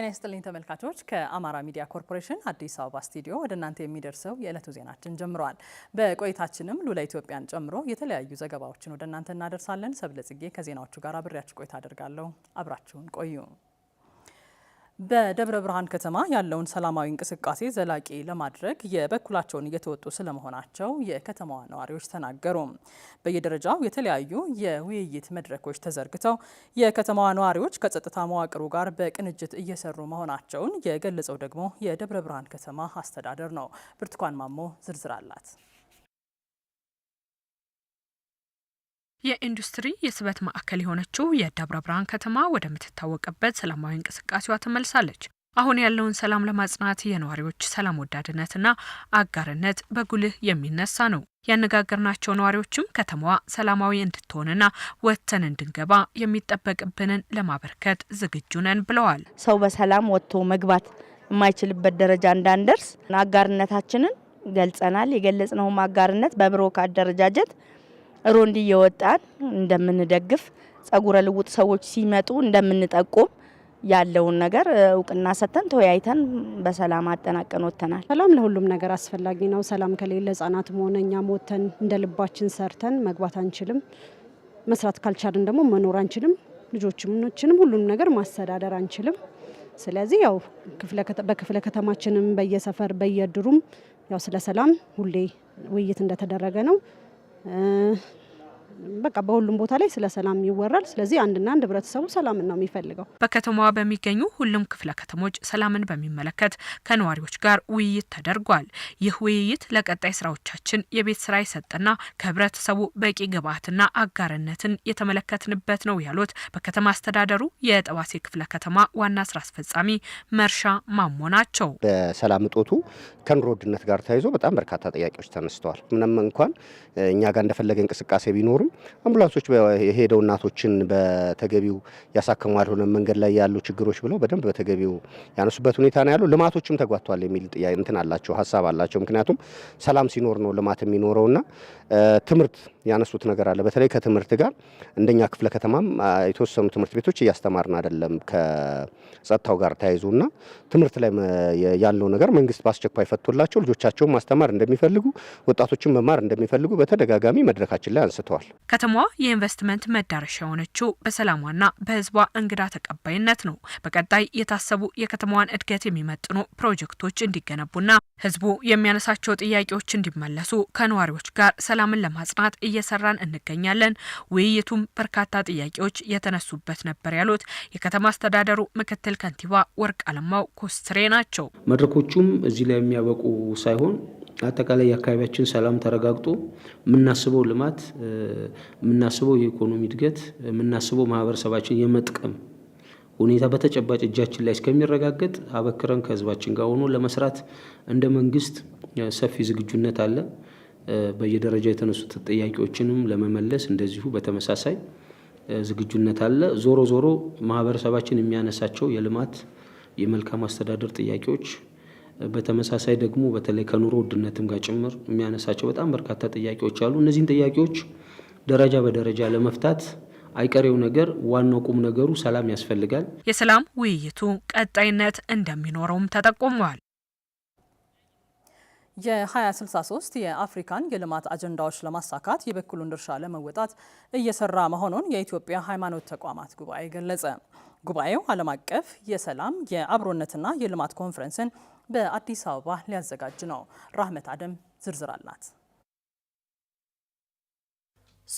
ጤና ይስጥልኝ ተመልካቾች። ከአማራ ሚዲያ ኮርፖሬሽን አዲስ አበባ ስቱዲዮ ወደ እናንተ የሚደርሰው የዕለቱ ዜናችን ጀምረዋል። በቆይታችንም ሉላ ኢትዮጵያን ጨምሮ የተለያዩ ዘገባዎችን ወደ እናንተ እናደርሳለን። ሰብለጽጌ ከዜናዎቹ ጋር አብሬያችሁ ቆይታ አደርጋለሁ። አብራችሁን ቆዩ። በደብረ ብርሃን ከተማ ያለውን ሰላማዊ እንቅስቃሴ ዘላቂ ለማድረግ የበኩላቸውን እየተወጡ ስለመሆናቸው የከተማዋ ነዋሪዎች ተናገሩ። በየደረጃው የተለያዩ የውይይት መድረኮች ተዘርግተው የከተማዋ ነዋሪዎች ከጸጥታ መዋቅሩ ጋር በቅንጅት እየሰሩ መሆናቸውን የገለጸው ደግሞ የደብረ ብርሃን ከተማ አስተዳደር ነው። ብርቱካን ማሞ ዝርዝር አላት። የኢንዱስትሪ የስበት ማዕከል የሆነችው የደብረ ብርሃን ከተማ ወደምትታወቅበት ሰላማዊ እንቅስቃሴዋ ትመልሳለች። አሁን ያለውን ሰላም ለማጽናት የነዋሪዎች ሰላም ወዳድነትና አጋርነት በጉልህ የሚነሳ ነው። ያነጋገርናቸው ነዋሪዎችም ከተማዋ ሰላማዊ እንድትሆንና ወጥተን እንድንገባ የሚጠበቅብንን ለማበርከት ዝግጁ ነን ብለዋል። ሰው በሰላም ወጥቶ መግባት የማይችልበት ደረጃ እንዳንደርስ አጋርነታችንን ገልጸናል። የገለጽነውም አጋርነት በብሮካድ አደረጃጀት ሮንድ እየወጣን እንደምንደግፍ ጸጉረ ልውጥ ሰዎች ሲመጡ እንደምንጠቁም ያለውን ነገር እውቅና ሰጥተን ተወያይተን በሰላም አጠናቀን ወጥተናል። ሰላም ለሁሉም ነገር አስፈላጊ ነው። ሰላም ከሌለ ህጻናትም ሆነ እኛም ወጥተን እንደ ልባችን ሰርተን መግባት አንችልም። መስራት ካልቻልን ደግሞ መኖር አንችልም። ልጆችንም ሁሉንም ነገር ማስተዳደር አንችልም። ስለዚህ ያው በክፍለ ከተማችንም በየሰፈር በየድሩም ያው ስለ ሰላም ሁሌ ውይይት እንደተደረገ ነው። 嗯。በቃ በሁሉም ቦታ ላይ ስለ ሰላም ይወራል። ስለዚህ አንድና አንድ ህብረተሰቡ ሰላምን ነው የሚፈልገው። በከተማዋ በሚገኙ ሁሉም ክፍለ ከተሞች ሰላምን በሚመለከት ከነዋሪዎች ጋር ውይይት ተደርጓል። ይህ ውይይት ለቀጣይ ስራዎቻችን የቤት ስራ የሰጠና ከህብረተሰቡ በቂ ግብዓትና አጋርነትን የተመለከትንበት ነው ያሉት በከተማ አስተዳደሩ የጠዋሴ ክፍለ ከተማ ዋና ስራ አስፈጻሚ መርሻ ማሞ ናቸው። በሰላም እጦቱ ከኑሮ ውድነት ጋር ተያይዞ በጣም በርካታ ጥያቄዎች ተነስተዋል። ምንም እንኳን እኛ ጋር እንደፈለገ እንቅስቃሴ ቢኖርም አምቡላንሶች የሄደው እናቶችን በተገቢው ያሳከሙ አልሆነም፣ መንገድ ላይ ያሉ ችግሮች ብለው በደንብ በተገቢው ያነሱበት ሁኔታ ነው ያለው። ልማቶችም ተጓቷል የሚል እንትን አላቸው፣ ሀሳብ አላቸው። ምክንያቱም ሰላም ሲኖር ነው ልማት የሚኖረውና ትምህርት ያነሱት ነገር አለ። በተለይ ከትምህርት ጋር እንደኛ ክፍለ ከተማም የተወሰኑ ትምህርት ቤቶች እያስተማርን አይደለም። ከጸጥታው ጋር ተያይዞና ትምህርት ላይ ያለው ነገር መንግስት በአስቸኳይ ፈቶላቸው ልጆቻቸውን ማስተማር እንደሚፈልጉ፣ ወጣቶችን መማር እንደሚፈልጉ በተደጋጋሚ መድረካችን ላይ አንስተዋል። ከተማዋ የኢንቨስትመንት መዳረሻ የሆነችው በሰላሟና በህዝቧ እንግዳ ተቀባይነት ነው። በቀጣይ የታሰቡ የከተማዋን እድገት የሚመጥኑ ፕሮጀክቶች እንዲገነቡና ህዝቡ የሚያነሳቸው ጥያቄዎች እንዲመለሱ ከነዋሪዎች ጋር ሰላምን ለማጽናት እየሰራን እንገኛለን። ውይይቱም በርካታ ጥያቄዎች የተነሱበት ነበር ያሉት የከተማ አስተዳደሩ ምክትል ከንቲባ ወርቅ አለማው ኮስትሬ ናቸው። መድረኮቹም እዚህ ላይ የሚያበቁ ሳይሆን አጠቃላይ የአካባቢያችን ሰላም ተረጋግጦ የምናስበው ልማት፣ የምናስበው የኢኮኖሚ እድገት፣ የምናስበው ማህበረሰባችን የመጥቀም ሁኔታ በተጨባጭ እጃችን ላይ እስከሚረጋገጥ አበክረን ከህዝባችን ጋር ሆኖ ለመስራት እንደ መንግስት ሰፊ ዝግጁነት አለ። በየደረጃ የተነሱት ጥያቄዎችንም ለመመለስ እንደዚሁ በተመሳሳይ ዝግጁነት አለ። ዞሮ ዞሮ ማህበረሰባችን የሚያነሳቸው የልማት የመልካም አስተዳደር ጥያቄዎች በተመሳሳይ ደግሞ በተለይ ከኑሮ ውድነትም ጋር ጭምር የሚያነሳቸው በጣም በርካታ ጥያቄዎች አሉ። እነዚህን ጥያቄዎች ደረጃ በደረጃ ለመፍታት አይቀሬው ነገር ዋናው ቁም ነገሩ ሰላም ያስፈልጋል። የሰላም ውይይቱ ቀጣይነት እንደሚኖረውም ተጠቁሟል። የ2063 የአፍሪካን የልማት አጀንዳዎች ለማሳካት የበኩሉን ድርሻ ለመወጣት እየሰራ መሆኑን የኢትዮጵያ ሃይማኖት ተቋማት ጉባኤ ገለጸ። ጉባኤው ዓለም አቀፍ የሰላም የአብሮነትና የልማት ኮንፈረንስን በአዲስ አበባ ሊያዘጋጅ ነው። ራህመት አደም ዝርዝር አላት።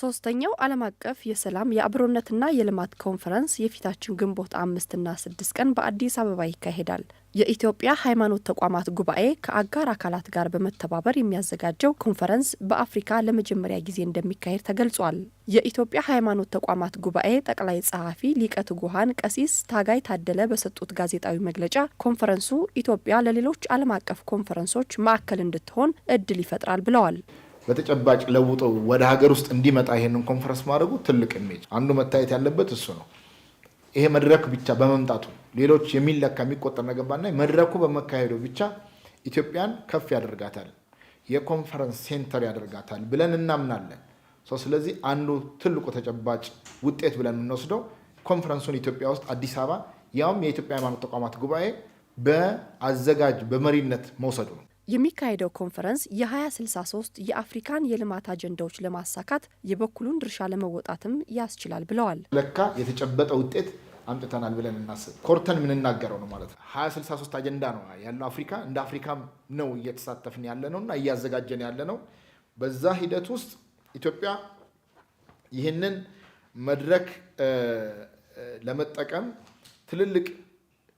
ሶስተኛው ዓለም አቀፍ የሰላም የአብሮነትና የልማት ኮንፈረንስ የፊታችን ግንቦት አምስትና ስድስት ቀን በአዲስ አበባ ይካሄዳል። የኢትዮጵያ ሃይማኖት ተቋማት ጉባኤ ከአጋር አካላት ጋር በመተባበር የሚያዘጋጀው ኮንፈረንስ በአፍሪካ ለመጀመሪያ ጊዜ እንደሚካሄድ ተገልጿል። የኢትዮጵያ ሃይማኖት ተቋማት ጉባኤ ጠቅላይ ጸሐፊ ሊቀ ትጉሃን ቀሲስ ታጋይ ታደለ በሰጡት ጋዜጣዊ መግለጫ ኮንፈረንሱ ኢትዮጵያ ለሌሎች ዓለም አቀፍ ኮንፈረንሶች ማዕከል እንድትሆን እድል ይፈጥራል ብለዋል። በተጨባጭ ለውጦ ወደ ሀገር ውስጥ እንዲመጣ ይሄንን ኮንፈረንስ ማድረጉ ትልቅ ኢሜጅ አንዱ መታየት ያለበት እሱ ነው። ይሄ መድረክ ብቻ በመምጣቱ ሌሎች የሚለካ የሚቆጠር ነገር መድረኩ በመካሄዱ ብቻ ኢትዮጵያን ከፍ ያደርጋታል፣ የኮንፈረንስ ሴንተር ያደርጋታል ብለን እናምናለን። ስለዚህ አንዱ ትልቁ ተጨባጭ ውጤት ብለን የምንወስደው ኮንፈረንሱን ኢትዮጵያ ውስጥ አዲስ አበባ ያውም የኢትዮጵያ ሃይማኖት ተቋማት ጉባኤ በአዘጋጅ በመሪነት መውሰዱ ነው። የሚካሄደው ኮንፈረንስ የ2063 የአፍሪካን የልማት አጀንዳዎች ለማሳካት የበኩሉን ድርሻ ለመወጣትም ያስችላል ብለዋል። ለካ የተጨበጠ ውጤት አምጥተናል ብለን እናስብ። ኮርተን የምንናገረው ነው ማለት ነው። 2063 አጀንዳ ነው ያለው አፍሪካ እንደ አፍሪካም ነው እየተሳተፍን ያለ ነው እና እያዘጋጀን ያለ ነው። በዛ ሂደት ውስጥ ኢትዮጵያ ይህንን መድረክ ለመጠቀም ትልልቅ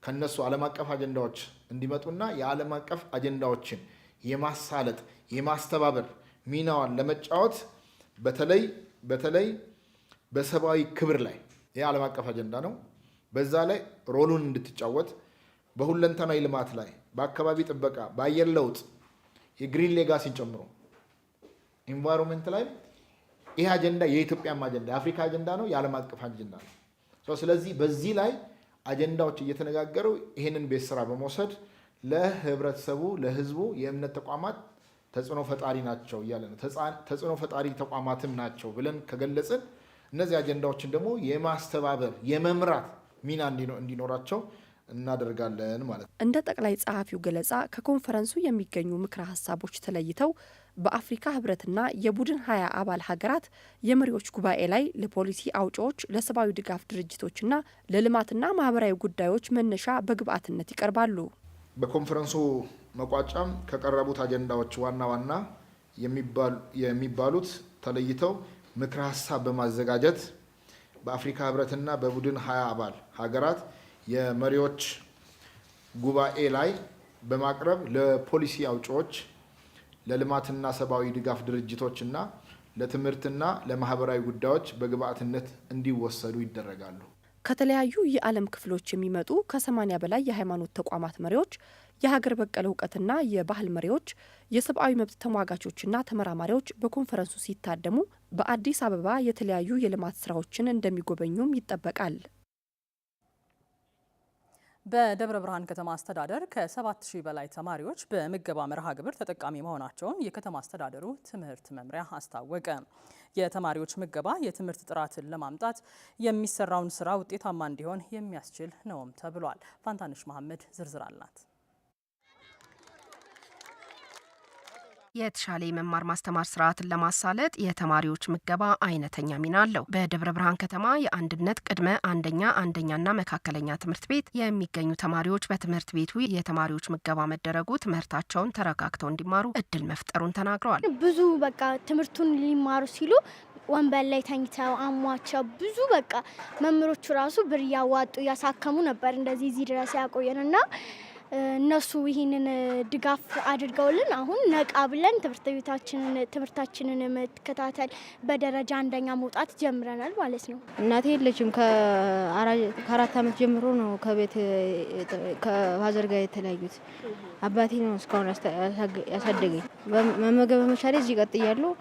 ከነሱ ዓለም አቀፍ አጀንዳዎች እንዲመጡና የዓለም አቀፍ አጀንዳዎችን የማሳለጥ የማስተባበር ሚናዋን ለመጫወት በተለይ በተለይ በሰብአዊ ክብር ላይ ዓለም አቀፍ አጀንዳ ነው። በዛ ላይ ሮሉን እንድትጫወት በሁለንተናዊ ልማት ላይ በአካባቢ ጥበቃ፣ በአየር ለውጥ፣ የግሪን ሌጋሲን ጨምሮ ኢንቫይሮንመንት ላይ ይህ አጀንዳ የኢትዮጵያም አጀንዳ የአፍሪካ አጀንዳ ነው፣ የዓለም አቀፍ አጀንዳ ነው። ስለዚህ በዚህ ላይ አጀንዳዎች እየተነጋገሩ ይህንን ቤት ስራ በመውሰድ ለህብረተሰቡ ለህዝቡ የእምነት ተቋማት ተጽዕኖ ፈጣሪ ናቸው እያለ ነው። ተጽዕኖ ፈጣሪ ተቋማትም ናቸው ብለን ከገለጽን እነዚህ አጀንዳዎችን ደግሞ የማስተባበር የመምራት ሚና እንዲኖራቸው እናደርጋለን ማለት ነው። እንደ ጠቅላይ ጸሐፊው ገለጻ ከኮንፈረንሱ የሚገኙ ምክረ ሀሳቦች ተለይተው በአፍሪካ ህብረትና የቡድን ሀያ አባል ሀገራት የመሪዎች ጉባኤ ላይ ለፖሊሲ አውጪዎች ለሰብአዊ ድጋፍ ድርጅቶችና ለልማትና ማህበራዊ ጉዳዮች መነሻ በግብአትነት ይቀርባሉ። በኮንፈረንሱ መቋጫም ከቀረቡት አጀንዳዎች ዋና ዋና የሚባሉት ተለይተው ምክረ ሀሳብ በማዘጋጀት በአፍሪካ ህብረትና በቡድን ሀያ አባል ሀገራት የመሪዎች ጉባኤ ላይ በማቅረብ ለፖሊሲ አውጪዎች፣ ለልማትና ሰብአዊ ድጋፍ ድርጅቶች እና ለትምህርትና ለማህበራዊ ጉዳዮች በግብአትነት እንዲወሰዱ ይደረጋሉ። ከተለያዩ የዓለም ክፍሎች የሚመጡ ከ በላይ የሃይማኖት ተቋማት መሪዎች፣ የሀገር በቀል እውቀትና የባህል መሪዎች፣ የሰብአዊ መብት ተሟጋቾችና ተመራማሪዎች በኮንፈረንሱ ሲታደሙ በአዲስ አበባ የተለያዩ የልማት ስራዎችን እንደሚጎበኙም ይጠበቃል። በደብረ ብርሃን ከተማ አስተዳደር ከ7000 በላይ ተማሪዎች በምገባ መርሃ ግብር ተጠቃሚ መሆናቸውን የከተማ አስተዳደሩ ትምህርት መምሪያ አስታወቀ። የተማሪዎች ምገባ የትምህርት ጥራትን ለማምጣት የሚሰራውን ስራ ውጤታማ እንዲሆን የሚያስችል ነውም ተብሏል። ፋንታንሽ መሐመድ ዝርዝር አላት። የተሻለ የመማር ማስተማር ስርዓትን ለማሳለጥ የተማሪዎች ምገባ አይነተኛ ሚና አለው። በደብረ ብርሃን ከተማ የአንድነት ቅድመ አንደኛ አንደኛና መካከለኛ ትምህርት ቤት የሚገኙ ተማሪዎች በትምህርት ቤቱ የተማሪዎች ምገባ መደረጉ ትምህርታቸውን ተረጋግተው እንዲማሩ እድል መፍጠሩን ተናግረዋል። ብዙ በቃ ትምህርቱን ሊማሩ ሲሉ ወንበር ላይ ተኝተው አሟቸው ብዙ በቃ መምህሮቹ ራሱ ብር እያዋጡ እያሳከሙ ነበር እንደዚህ እዚህ ድረስ እና እነሱ ይህንን ድጋፍ አድርገውልን አሁን ነቃ ብለን ትምህርት ቤታችንን ትምህርታችንን መከታተል በደረጃ አንደኛ መውጣት ጀምረናል ማለት ነው። እናቴ የለችም። ከአራት ዓመት ጀምሮ ነው ከቤት ከፋዘር ጋር የተለያዩት። አባቴ ነው እስካሁን ያሳደገኝ። መመገብ በመቻሌ እዚህ ቀጥያለሁ።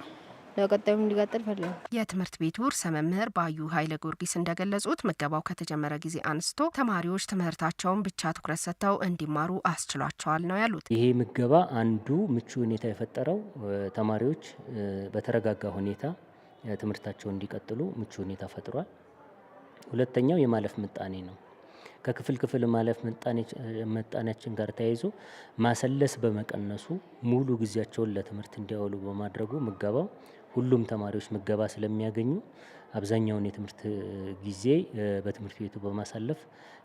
ለቀጣዩ እንዲቀጥል ፈለጉ። የትምህርት ቤቱ ርዕሰ መምህር ባዩ ኃይለ ጊዮርጊስ እንደገለጹት ምገባው ከተጀመረ ጊዜ አንስቶ ተማሪዎች ትምህርታቸውን ብቻ ትኩረት ሰጥተው እንዲማሩ አስችሏቸዋል ነው ያሉት። ይሄ ምገባ አንዱ ምቹ ሁኔታ የፈጠረው ተማሪዎች በተረጋጋ ሁኔታ ትምህርታቸውን እንዲቀጥሉ ምቹ ሁኔታ ፈጥሯል። ሁለተኛው የማለፍ ምጣኔ ነው። ከክፍል ክፍል ማለፍ ምጣኔያችን ጋር ተያይዞ ማሰለስ በመቀነሱ ሙሉ ጊዜያቸውን ለትምህርት እንዲያውሉ በማድረጉ ምገባው ሁሉም ተማሪዎች ምገባ ስለሚያገኙ አብዛኛውን የትምህርት ጊዜ በትምህርት ቤቱ በማሳለፍ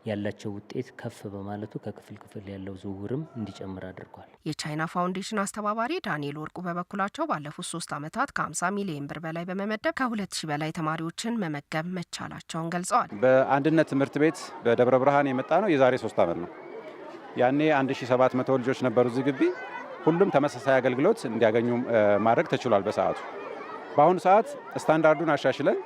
ያላቸው ውጤት ከፍ በማለቱ ከክፍል ክፍል ያለው ዝውውርም እንዲጨምር አድርጓል። የቻይና ፋውንዴሽን አስተባባሪ ዳንኤል ወርቁ በበኩላቸው ባለፉት ሶስት ዓመታት ከ50 ሚሊዮን ብር በላይ በመመደብ ከ2000 በላይ ተማሪዎችን መመገብ መቻላቸውን ገልጸዋል። በአንድነት ትምህርት ቤት በደብረ ብርሃን የመጣ ነው። የዛሬ ሶስት ዓመት ነው። ያኔ 1700 ልጆች ነበሩ እዚህ ግቢ። ሁሉም ተመሳሳይ አገልግሎት እንዲያገኙ ማድረግ ተችሏል በሰዓቱ በአሁኑ ሰዓት ስታንዳርዱን አሻሽለን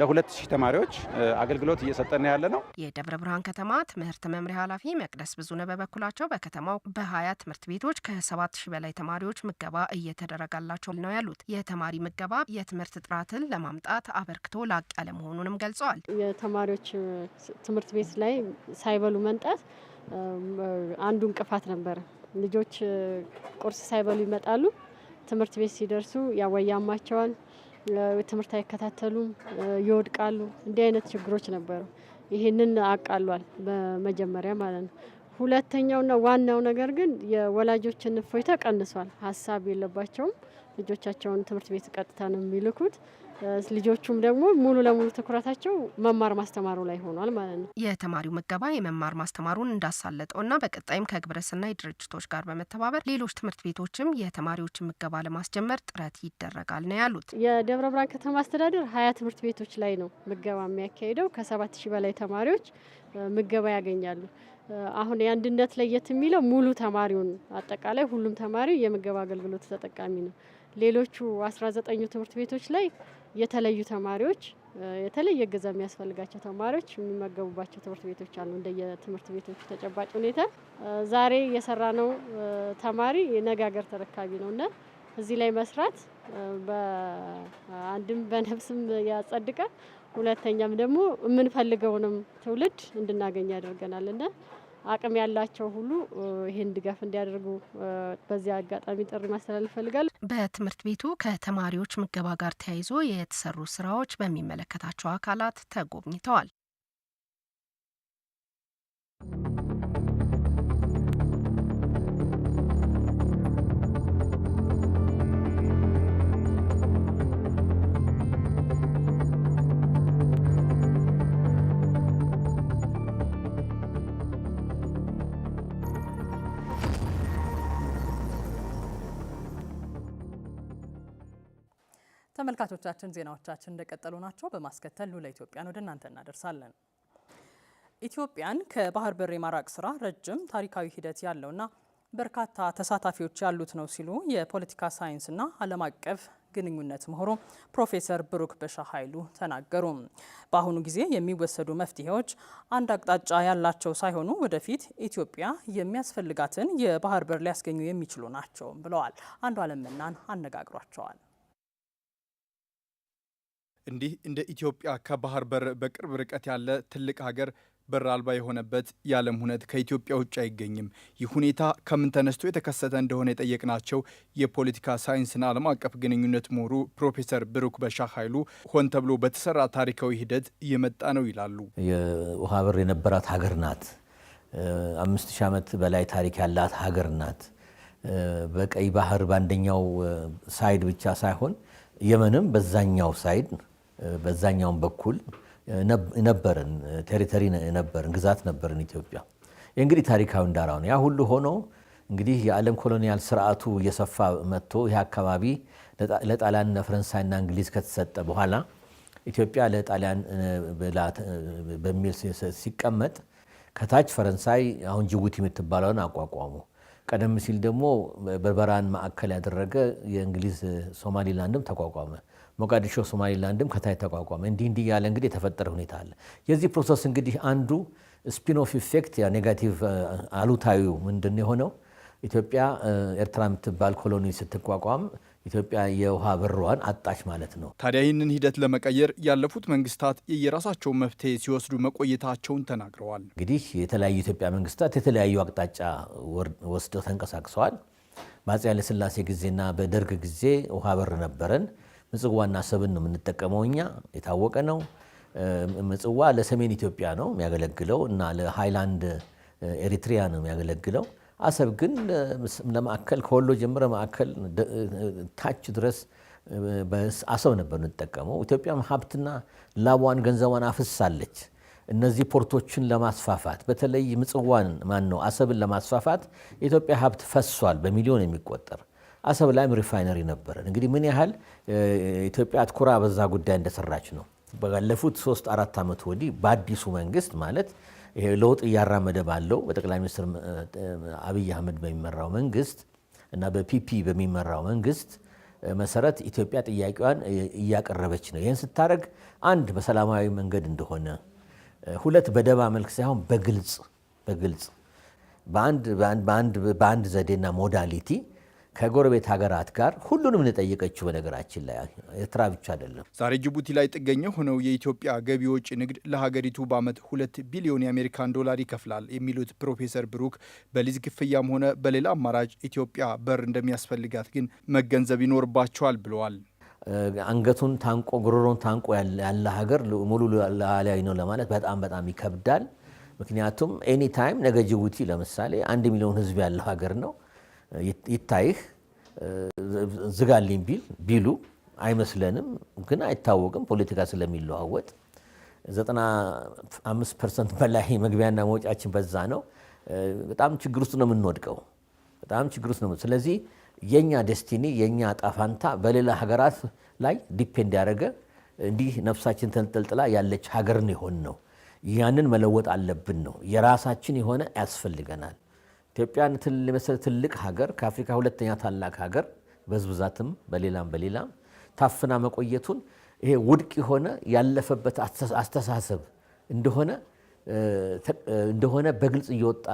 ለሁለት ሺህ ተማሪዎች አገልግሎት እየሰጠን ያለ ነው። የደብረ ብርሃን ከተማ ትምህርት መምሪያ ኃላፊ መቅደስ ብዙነ በበኩላቸው በከተማው በሀያ ትምህርት ቤቶች ከሰባት ሺህ በላይ ተማሪዎች ምገባ እየተደረጋላቸው ነው ያሉት። የተማሪ ምገባ የትምህርት ጥራትን ለማምጣት አበርክቶ ላቅ ያለ መሆኑንም ገልጸዋል። የተማሪዎች ትምህርት ቤት ላይ ሳይበሉ መምጣት አንዱ እንቅፋት ነበር ልጆች ቁርስ ሳይበሉ ይመጣሉ። ትምህርት ቤት ሲደርሱ ያወያማቸዋል፣ ትምህርት አይከታተሉም፣ ይወድቃሉ። እንዲህ አይነት ችግሮች ነበሩ። ይህንን አቃሏል በመጀመሪያ ማለት ነው። ሁለተኛውና ዋናው ነገር ግን የወላጆችን እፎይታ ቀንሷል። ሀሳብ የለባቸውም ልጆቻቸውን ትምህርት ቤት ቀጥታ ነው የሚልኩት። ልጆቹም ደግሞ ሙሉ ለሙሉ ትኩረታቸው መማር ማስተማሩ ላይ ሆኗል ማለት ነው። የተማሪው ምገባ የመማር ማስተማሩን እንዳሳለጠውና በቀጣይም ከግብረሰናይ ድርጅቶች ጋር በመተባበር ሌሎች ትምህርት ቤቶችም የተማሪዎችን ምገባ ለማስጀመር ጥረት ይደረጋል ነው ያሉት። የደብረ ብርሃን ከተማ አስተዳደር ሀያ ትምህርት ቤቶች ላይ ነው ምገባ የሚያካሄደው ከሰባት ሺህ በላይ ተማሪዎች ምገባ ያገኛሉ። አሁን የአንድነት ለየት የሚለው ሙሉ ተማሪውን አጠቃላይ ሁሉም ተማሪ የምገባ አገልግሎት ተጠቃሚ ነው። ሌሎቹ አስራ ዘጠኙ ትምህርት ቤቶች ላይ የተለዩ ተማሪዎች የተለየ ገዛ የሚያስፈልጋቸው ተማሪዎች የሚመገቡባቸው ትምህርት ቤቶች አሉ። እንደየ ትምህርት ቤቶቹ ተጨባጭ ሁኔታ ዛሬ የሰራ ነው ተማሪ የነገ ሀገር ተረካቢ ነው እና እዚህ ላይ መስራት በአንድም በነፍስም ያጸድቃል፣ ሁለተኛም ደግሞ የምንፈልገውንም ትውልድ እንድናገኝ ያደርገናል እና አቅም ያላቸው ሁሉ ይህን ድጋፍ እንዲያደርጉ በዚያ አጋጣሚ ጥሪ ማስተላለፍ ይፈልጋል። በትምህርት ቤቱ ከተማሪዎች ምገባ ጋር ተያይዞ የተሰሩ ስራዎች በሚመለከታቸው አካላት ተጎብኝተዋል። ተመልካቾቻችን ዜናዎቻችን እንደቀጠሉ ናቸው። በማስከተል ሉላ ኢትዮጵያን ወደ እናንተ እናደርሳለን። ኢትዮጵያን ከባህር በር የማራቅ ስራ ረጅም ታሪካዊ ሂደት ያለውና በርካታ ተሳታፊዎች ያሉት ነው ሲሉ የፖለቲካ ሳይንስና ዓለም አቀፍ ግንኙነት ምሁሩ ፕሮፌሰር ብሩክ በሻ ኃይሉ ተናገሩ። በአሁኑ ጊዜ የሚወሰዱ መፍትሄዎች አንድ አቅጣጫ ያላቸው ሳይሆኑ ወደፊት ኢትዮጵያ የሚያስፈልጋትን የባህር በር ሊያስገኙ የሚችሉ ናቸውም ብለዋል። አንዱ አለምናን አነጋግሯቸዋል። እንዲህ እንደ ኢትዮጵያ ከባህር በር በቅርብ ርቀት ያለ ትልቅ ሀገር በር አልባ የሆነበት የዓለም ሁነት ከኢትዮጵያ ውጭ አይገኝም። ይህ ሁኔታ ከምን ተነስቶ የተከሰተ እንደሆነ የጠየቅናቸው የፖለቲካ ሳይንስና ዓለም አቀፍ ግንኙነት ምሁሩ ፕሮፌሰር ብሩክ በሻ ኃይሉ ሆን ተብሎ በተሰራ ታሪካዊ ሂደት እየመጣ ነው ይላሉ። የውሃ በር የነበራት ሀገር ናት። አምስት ሺህ ዓመት በላይ ታሪክ ያላት ሀገር ናት። በቀይ ባህር በአንደኛው ሳይድ ብቻ ሳይሆን የመንም በዛኛው ሳይድ ነው። በዛኛውም በኩል ነበርን፣ ቴሪተሪ ነበርን፣ ግዛት ነበርን ኢትዮጵያ። ይህ እንግዲህ ታሪካዊ እንዳራ ነው። ያ ሁሉ ሆኖ እንግዲህ የዓለም ኮሎኒያል ስርዓቱ እየሰፋ መጥቶ ይህ አካባቢ ለጣሊያንና ፈረንሳይና እንግሊዝ ከተሰጠ በኋላ ኢትዮጵያ ለጣሊያን በሚል ሲቀመጥ ከታች ፈረንሳይ አሁን ጅቡቲ የምትባለውን አቋቋሙ። ቀደም ሲል ደግሞ በርበራን ማዕከል ያደረገ የእንግሊዝ ሶማሊላንድም ተቋቋመ። ሞቃዲሾ ሶማሊላንድም ከታይ ተቋቋመ። እንዲህ እንዲህ ያለ እንግዲህ የተፈጠረ ሁኔታ አለ። የዚህ ፕሮሰስ እንግዲህ አንዱ ስፒንኦፍ ኢፌክት ኔጋቲቭ አሉታዊ ምንድን የሆነው ኢትዮጵያ ኤርትራ የምትባል ኮሎኒ ስትቋቋም ኢትዮጵያ የውሃ ብሯን አጣች ማለት ነው። ታዲያ ይህንን ሂደት ለመቀየር ያለፉት መንግስታት የየራሳቸውን መፍትሄ ሲወስዱ መቆየታቸውን ተናግረዋል። እንግዲህ የተለያዩ ኢትዮጵያ መንግስታት የተለያዩ አቅጣጫ ወስደው ተንቀሳቅሰዋል። በአፄ ኃይለሥላሴ ጊዜና በደርግ ጊዜ ውሃ በር ነበረን። ምጽዋና ሰብን ነው የምንጠቀመው እኛ የታወቀ ነው። ምጽዋ ለሰሜን ኢትዮጵያ ነው የሚያገለግለው እና ለሃይላንድ ኤሪትሪያ ነው የሚያገለግለው። አሰብ ግን ለማዕከል ከወሎ ጀምረ ማዕከል ታች ድረስ አሰብ ነበር የምንጠቀመው። ኢትዮጵያም ሀብትና ላቧን ገንዘቧን አፍሳለች። እነዚህ ፖርቶችን ለማስፋፋት በተለይ ምጽዋን ማን ነው አሰብን ለማስፋፋት የኢትዮጵያ ሀብት ፈሷል በሚሊዮን የሚቆጠር አሰብ ላይም ሪፋይነሪ ነበረን። እንግዲህ ምን ያህል ኢትዮጵያ አትኩራ በዛ ጉዳይ እንደሰራች ነው። ባለፉት ሶስት አራት ዓመት ወዲህ በአዲሱ መንግስት ማለት ይሄ ለውጥ እያራመደ ባለው በጠቅላይ ሚኒስትር አብይ አህመድ በሚመራው መንግስት እና በፒፒ በሚመራው መንግስት መሰረት ኢትዮጵያ ጥያቄዋን እያቀረበች ነው። ይህን ስታደርግ አንድ በሰላማዊ መንገድ እንደሆነ፣ ሁለት በደባ መልክ ሳይሆን በግልጽ በግልጽ በአንድ ዘዴና ሞዳሊቲ ከጎረቤት ሀገራት ጋር ሁሉንም እንጠይቀችው። በነገራችን ላይ ኤርትራ ብቻ አይደለም። ዛሬ ጅቡቲ ላይ ጥገኛ ሆነው የኢትዮጵያ ገቢ ወጪ ንግድ ለሀገሪቱ በዓመት ሁለት ቢሊዮን የአሜሪካን ዶላር ይከፍላል የሚሉት ፕሮፌሰር ብሩክ በሊዝ ክፍያም ሆነ በሌላ አማራጭ ኢትዮጵያ በር እንደሚያስፈልጋት ግን መገንዘብ ይኖርባቸዋል ብለዋል። አንገቱን ታንቆ ጉሮሮን ታንቆ ያለ ሀገር ሙሉ ሉዓላዊ ነው ለማለት በጣም በጣም ይከብዳል። ምክንያቱም ኤኒ ታይም ነገ ጅቡቲ ለምሳሌ አንድ ሚሊዮን ህዝብ ያለው ሀገር ነው። ይታይህ ዝጋልኝ ቢል ቢሉ አይመስለንም፣ ግን አይታወቅም። ፖለቲካ ስለሚለዋወጥ 95 ፐርሰንት በላይ መግቢያና መውጫችን በዛ ነው። በጣም ችግር ውስጥ ነው የምንወድቀው። በጣም ችግር ውስጥ ነው። ስለዚህ የእኛ ደስቲኒ የእኛ ጣፋንታ በሌላ ሀገራት ላይ ዲፔንድ ያደረገ እንዲህ ነፍሳችን ተንጠልጥላ ያለች ሀገር የሆን ነው። ያንን መለወጥ አለብን ነው የራሳችን የሆነ ያስፈልገናል። ኢትዮጵያን መሰለ ትልቅ ሀገር ከአፍሪካ ሁለተኛ ታላቅ ሀገር በሕዝብ ብዛትም በሌላም በሌላም ታፍና መቆየቱን ይሄ ውድቅ የሆነ ያለፈበት አስተሳሰብ እንደሆነ እንደሆነ በግልጽ እየወጣ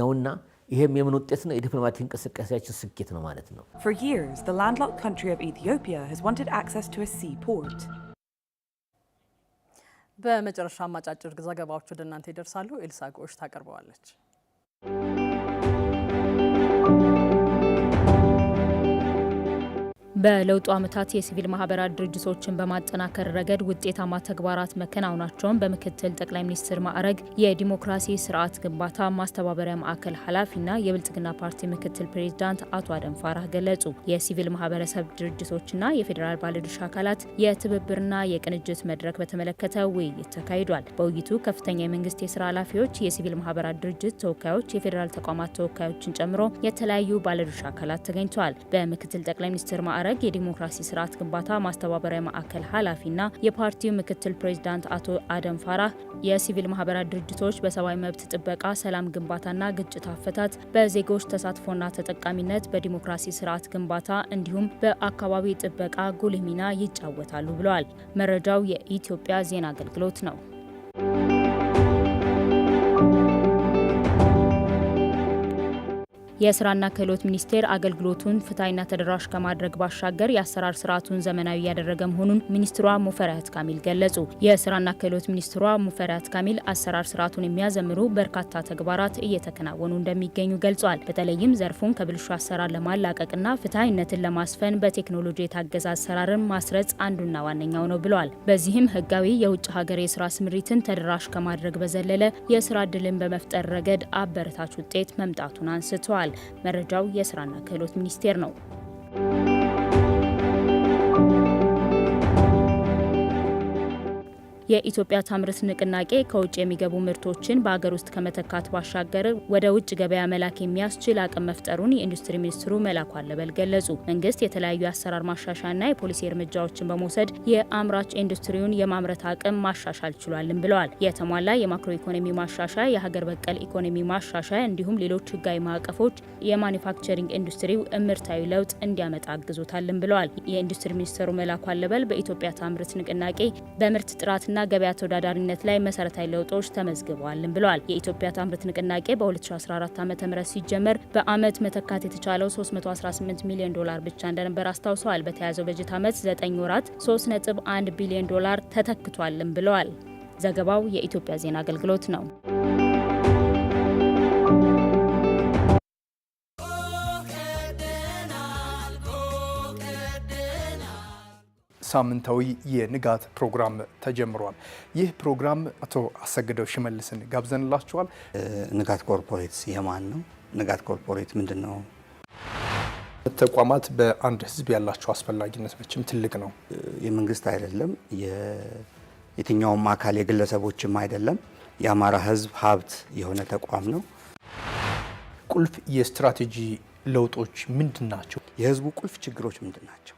ነውና ይሄም የምን ውጤት ነው? የዲፕሎማቲክ እንቅስቃሴያችን ስኬት ነው ማለት ነው። For years, the landlocked country of Ethiopia has wanted access to a sea port. በመጨረሻ አጫጭር ዘገባዎች ወደ እናንተ ይደርሳሉ። ኤልሳ ጎሽ ታቀርበዋለች። Thank በለውጡ ዓመታት የሲቪል ማህበራት ድርጅቶችን በማጠናከር ረገድ ውጤታማ ተግባራት መከናወናቸውን በምክትል ጠቅላይ ሚኒስትር ማዕረግ የዲሞክራሲ ስርዓት ግንባታ ማስተባበሪያ ማዕከል ኃላፊና የብልጽግና ፓርቲ ምክትል ፕሬዚዳንት አቶ አደም ፋራህ ገለጹ። የሲቪል ማህበረሰብ ድርጅቶችና የፌዴራል ባለድርሻ አካላት የትብብርና የቅንጅት መድረክ በተመለከተ ውይይት ተካሂዷል። በውይይቱ ከፍተኛ የመንግስት የስራ ኃላፊዎች፣ የሲቪል ማህበራት ድርጅት ተወካዮች፣ የፌዴራል ተቋማት ተወካዮችን ጨምሮ የተለያዩ ባለድርሻ አካላት ተገኝተዋል። በምክትል ጠቅላይ ሚኒስትር ማዕረግ ሀረግ የዲሞክራሲ ስርዓት ግንባታ ማስተባበሪያ ማዕከል ኃላፊና የፓርቲው ምክትል ፕሬዚዳንት አቶ አደም ፋራህ የሲቪል ማህበራት ድርጅቶች በሰብአዊ መብት ጥበቃ፣ ሰላም ግንባታና ግጭት አፈታት፣ በዜጎች ተሳትፎና ተጠቃሚነት፣ በዲሞክራሲ ስርዓት ግንባታ እንዲሁም በአካባቢ ጥበቃ ጉልህ ሚና ይጫወታሉ ብለዋል። መረጃው የኢትዮጵያ ዜና አገልግሎት ነው። የስራና ክህሎት ሚኒስቴር አገልግሎቱን ፍትሐዊና ተደራሽ ከማድረግ ባሻገር የአሰራር ስርዓቱን ዘመናዊ እያደረገ መሆኑን ሚኒስትሯ ሙፈሪያት ካሚል ገለጹ። የስራና ክህሎት ሚኒስትሯ ሙፈሪያት ካሚል አሰራር ስርዓቱን የሚያዘምሩ በርካታ ተግባራት እየተከናወኑ እንደሚገኙ ገልጿል። በተለይም ዘርፉን ከብልሹ አሰራር ለማላቀቅና ፍትሐዊነትን ለማስፈን በቴክኖሎጂ የታገዘ አሰራርን ማስረጽ አንዱና ዋነኛው ነው ብለዋል። በዚህም ህጋዊ የውጭ ሀገር የስራ ስምሪትን ተደራሽ ከማድረግ በዘለለ የስራ እድልን በመፍጠር ረገድ አበረታች ውጤት መምጣቱን አንስተዋል። ገልጸዋል። መረጃው የስራና ክህሎት ሚኒስቴር ነው። የኢትዮጵያ ታምርት ንቅናቄ ከውጭ የሚገቡ ምርቶችን በአገር ውስጥ ከመተካት ባሻገር ወደ ውጭ ገበያ መላክ የሚያስችል አቅም መፍጠሩን የኢንዱስትሪ ሚኒስትሩ መላኩ አለበል ገለጹ። መንግስት የተለያዩ የአሰራር ማሻሻያና የፖሊሲ እርምጃዎችን በመውሰድ የአምራች ኢንዱስትሪውን የማምረት አቅም ማሻሻል ችሏልም ብለዋል። የተሟላ የማክሮ ኢኮኖሚ ማሻሻያ፣ የሀገር በቀል ኢኮኖሚ ማሻሻያ እንዲሁም ሌሎች ህጋዊ ማዕቀፎች የማኒፋክቸሪንግ ኢንዱስትሪው እምርታዊ ለውጥ እንዲያመጣ አግዞታልም ብለዋል። የኢንዱስትሪ ሚኒስትሩ መላኩ አለበል በኢትዮጵያ ታምርት ንቅናቄ በምርት ጥራት ምርትና ገበያ ተወዳዳሪነት ላይ መሰረታዊ ለውጦች ተመዝግበዋልም ብለዋል። የኢትዮጵያ ታምርት ንቅናቄ በ2014 ዓ ም ሲጀመር በአመት መተካት የተቻለው 318 ሚሊዮን ዶላር ብቻ እንደነበር አስታውሰዋል። በተያዘው በጀት ዓመት 9 ወራት 3.1 ቢሊዮን ዶላር ተተክቷልም ብለዋል። ዘገባው የኢትዮጵያ ዜና አገልግሎት ነው። ሳምንታዊ የንጋት ፕሮግራም ተጀምሯል። ይህ ፕሮግራም አቶ አሰግደው ሽመልስን ጋብዘንላችኋል። ንጋት ኮርፖሬት የማን ነው? ንጋት ኮርፖሬት ምንድን ነው? ተቋማት በአንድ ህዝብ ያላቸው አስፈላጊነት መቼም ትልቅ ነው። የመንግስት አይደለም፣ የትኛውም አካል የግለሰቦችም አይደለም። የአማራ ህዝብ ሀብት የሆነ ተቋም ነው። ቁልፍ የስትራቴጂ ለውጦች ምንድን ናቸው? የህዝቡ ቁልፍ ችግሮች ምንድን ናቸው?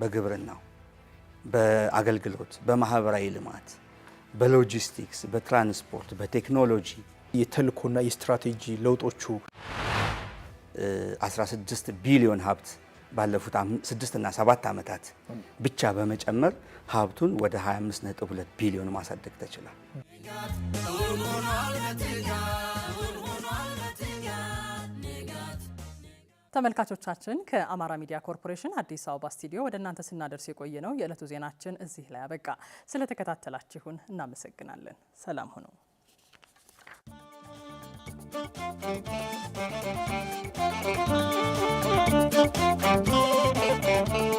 በግብርናው በአገልግሎት፣ በማህበራዊ ልማት፣ በሎጂስቲክስ፣ በትራንስፖርት፣ በቴክኖሎጂ የተልእኮና የስትራቴጂ ለውጦቹ 16 ቢሊዮን ሀብት ባለፉት 6 እና 7 ዓመታት ብቻ በመጨመር ሀብቱን ወደ 25.2 ቢሊዮን ማሳደግ ተችሏል። ተመልካቾቻችን ከአማራ ሚዲያ ኮርፖሬሽን አዲስ አበባ ስቱዲዮ ወደ እናንተ ስናደርስ የቆየ ነው የዕለቱ ዜናችን እዚህ ላይ አበቃ። ስለተከታተላችሁን እናመሰግናለን። ሰላም ሁኑ።